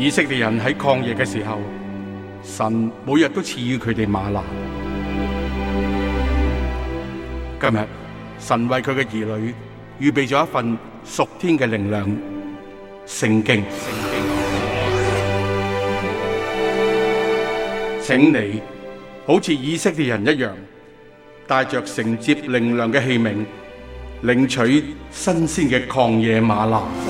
以色列人喺曠野嘅時候，神每日都賜予佢哋嗎哪。今日，神為佢嘅兒女預備咗一份屬天嘅靈糧，聖經。請你好似以色列人一樣，帶着承接靈糧嘅器皿，領取新鮮嘅曠野嗎哪。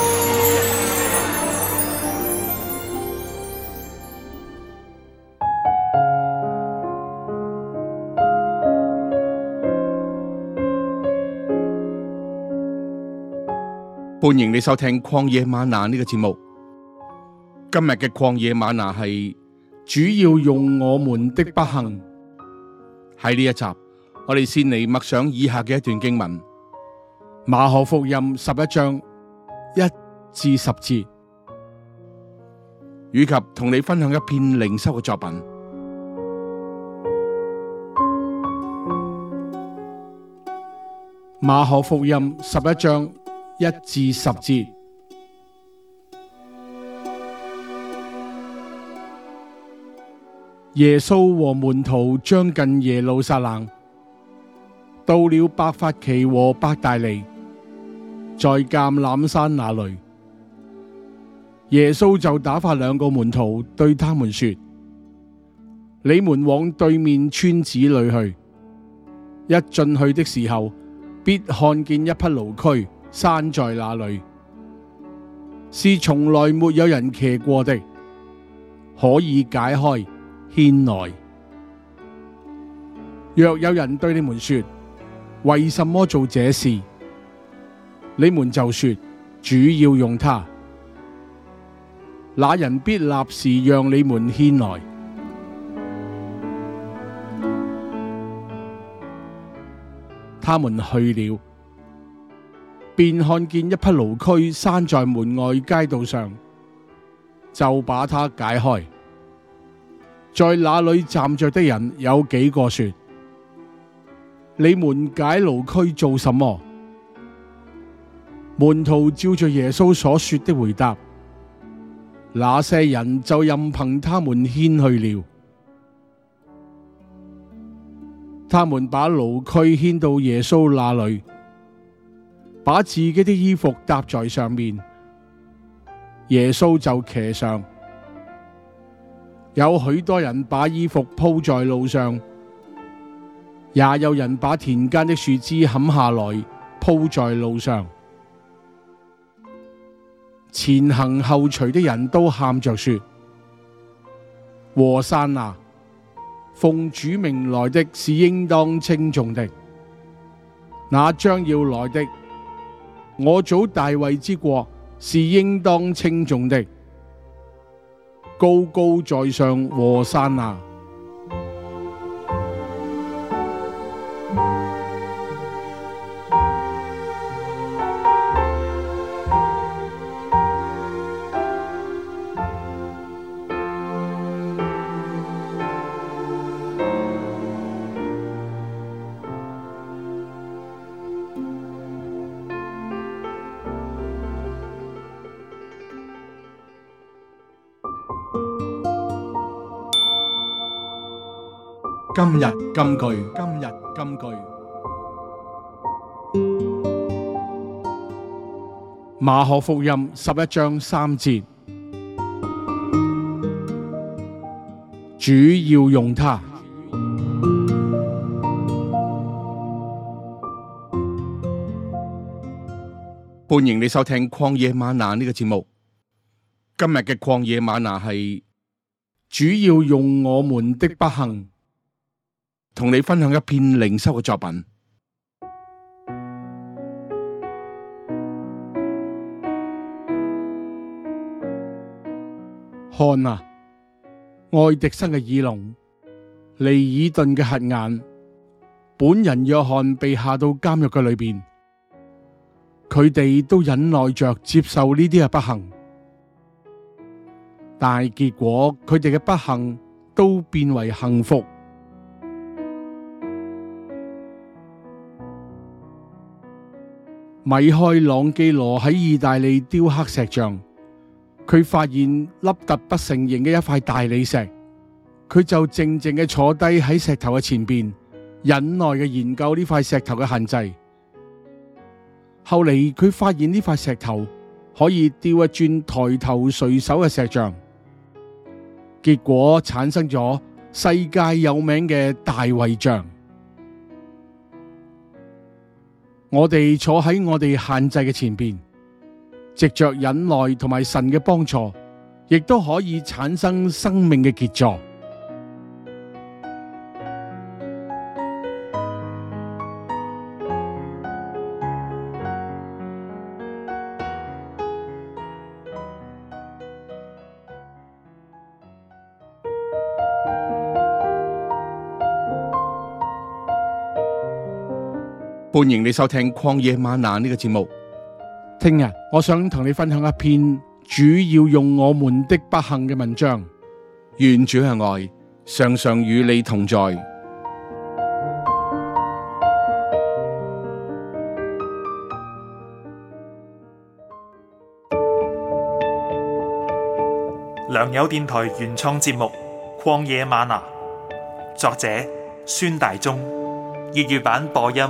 歡迎你收聽曠野嗎哪呢個節目。今日嘅曠野嗎哪係主要用我們的不幸喺呢一集。我哋先嚟默想以下嘅一段經文：馬可福音十一章一至十節，以及同你分享一篇靈修嘅作品。馬可福音十一章。一至十節耶穌和門徒將近耶路撒冷，到了伯法其和伯大尼，在橄欖山那裏，耶穌就打發兩個門徒對他們說：你們往對面村子裏去，一進去的時候，必看見一匹驢駒。山在那裡，是從來沒有人騎過的，可以解開牽來。若有人對你們說，為什麼做這事？你們就說，主要用它。那人必立時讓你們牽來。他們去了。便看見一匹驢駒拴在門外街道上，就把它解開。在那裏站着的人有幾個說：你們解驢駒做什麼？門徒照着耶穌所說的回答，那些人就任憑他們牽去了。他們把驢駒牽到耶穌那裏。把自己啲衣服搭在上面，耶穌就騎上。有許多人把衣服鋪在路上，也有人把田間的樹枝砍下來鋪在路上。前行後隨的人都喊着說：和散啊！奉主命來的是應當稱頌的，那將要來的。我祖大衛之國是應當稱頌的，高高在上，和散那！今日金句，今日金句。馬可福音十一章三節，主要用它。歡迎你收聽曠野嗎哪呢個節目。今日嘅曠野嗎哪係主要用我們的不幸。同你分享一篇靈修嘅作品。看啊，愛迪生嘅耳聾，尼爾頓嘅瞎眼，本人約翰被下到監獄嘅裏邊，佢哋都忍耐着接受呢啲嘅不幸，但結果佢哋嘅不幸都變為幸福。米開朗基羅喺意大利雕刻石像，佢發現凹凸不成形嘅一塊大理石，佢就靜靜嘅坐低喺石頭嘅前邊，忍耐嘅研究呢塊石頭嘅限制。後嚟佢發現呢塊石頭可以雕一尊抬頭垂手嘅石像，結果產生咗世界有名嘅大衛像。我哋坐喺我哋限制嘅前邊，藉着忍耐同埋神嘅幫助，亦都可以產生生命嘅傑作。歡迎你收聽曠野嗎哪呢個節目。聽日我想同你分享一篇主要用我們的不幸嘅文章。願主嘅愛常常與你同在。良友電台原創節目《曠野嗎哪》，作者孫大中，粵語版播音。